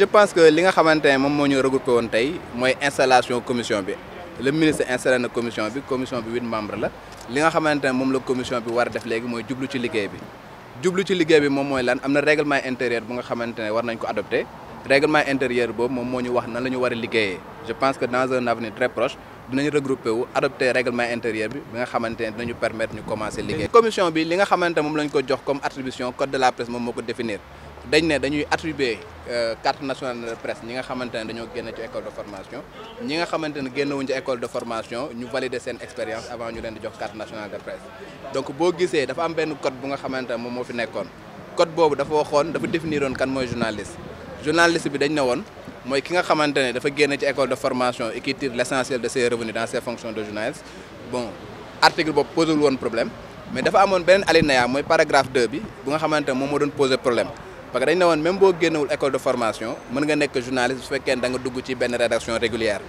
je pense que li nga xamante ne moom moo ñu regroupé woon tey mooy installation commission bi le ministre installé na commission bi commission bi 8 membres la li nga xamante ne moom la commission bi war a def léegi mooy jublu ci liggéey bi jublu ci liggéey bi moom mooy lan am règlement intérieur bu nga xamante ne war nañ ko adopté règlement intérieur boobu moom moo ñu wax nan la ñu war je pense que dans un avenir très proche dinañ regrouper, wu le règlement intérieur bi bi nga xamante ne dinañu permettre ñu commencer liggéey commission bi li nga xamante moom lañ ko jox comme attribution code de la presse moom moo ko définir dañ dañuy attribuer euh, carte nationale de presse ñi nga xamante dañu dañoo ci école de formation ñi nga xamante ne génnewuñ ci école de formation ñu valider seen expérience avant ñu leen di jox carte nationale de presse donc bo gisee dafa am benn code bu nga xamante ne moom moo fi nekkoon code bobu dafa waxoon dafa définiroon kan moy journaliste journaliste bi dañ ne won moy ki nga xamante dafa génn ci école de formation et qui tire l'essentiel de ses revenus dans ses fonctions de journaliste bon article bobu posewul won problème mais dafa amone benen alinéa moy paragraphe 2 bi bu nga xamante ne mo done poser problème parce que dañ ne woon même école de formation vous nga nekk journaliste qui fekkee une nga ci rédaction régulière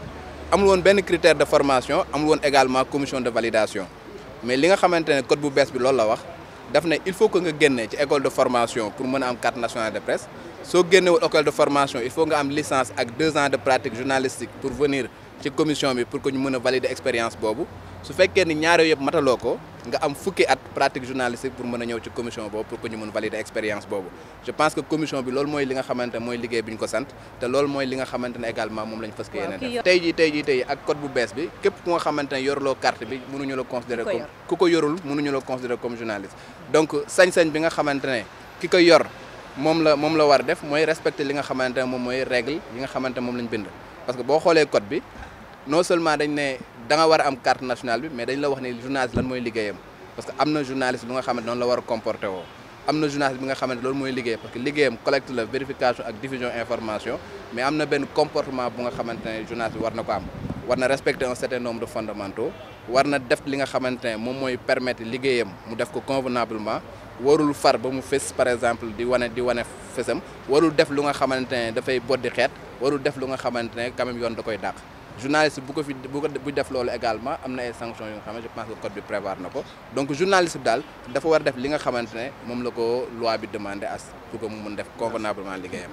amul woon benn critère de formation amul woon également commission de validation mais li nga xamante code de la il faut que nga ayez une école de formation pour avoir une carte nationale de presse avez une école de formation il faut nga une licence avec deux ans de pratique journalistique pour venir ci commission bi pour que ñu mën a valider expérience boobu su fekkee ni ñaar yëpp mataloo ko nga am fukki at pratique journalistique pour mën a ñëw ci commission boobu pour que ñu mën valider expérience boobu je pense que commission bi loolu mooy li nga xamante mooy liggéey bi ñu ko sant te loolu mooy li nga xamante également moom lañ fas yéene def tey jii tey jii tey ak code bu bees bi képp ku nga xamante ne carte bi mënuñu la considérer comme ku ko yorul mënuñu la considérer comme journaliste donc sañ-sañ bi nga xamante ne ki ko yor moom la moom la war def mooy respecter li nga xamante ne moom règle yi nga xamante ne moom bind parce que boo xoolee code bi non seulement dañ né da nga wara am carte nationale bi mais dañ la wax ne journaliste lan moy liggéeyam parce que amna journaliste bi nga xam non la wara a comporté woo am journaliste bi nga xam lool moy mooy parce que liggéeyam collecte la vérification ak diffusion information mais amna ben comportement bu nga xamante journaliste warna ko am warna respecter un certain nombre de fondamentaux warna def li nga xamante mom moy permettre liggéeyam mu def ko convenablement warul far ba mu fess par exemple di wane di wane fessam warul def lu nga xamante ne fay boddi xet warul def lu nga xamante quand même yone da koy journaliste bu ko de bu def également amna na ay sanctions yo nga je pense que code bi prévoir nako donc journaliste dal dafa wara def li nga xamantene mom moom la ko loi bi demander as pour que mu mun def convenablement liggéeyam.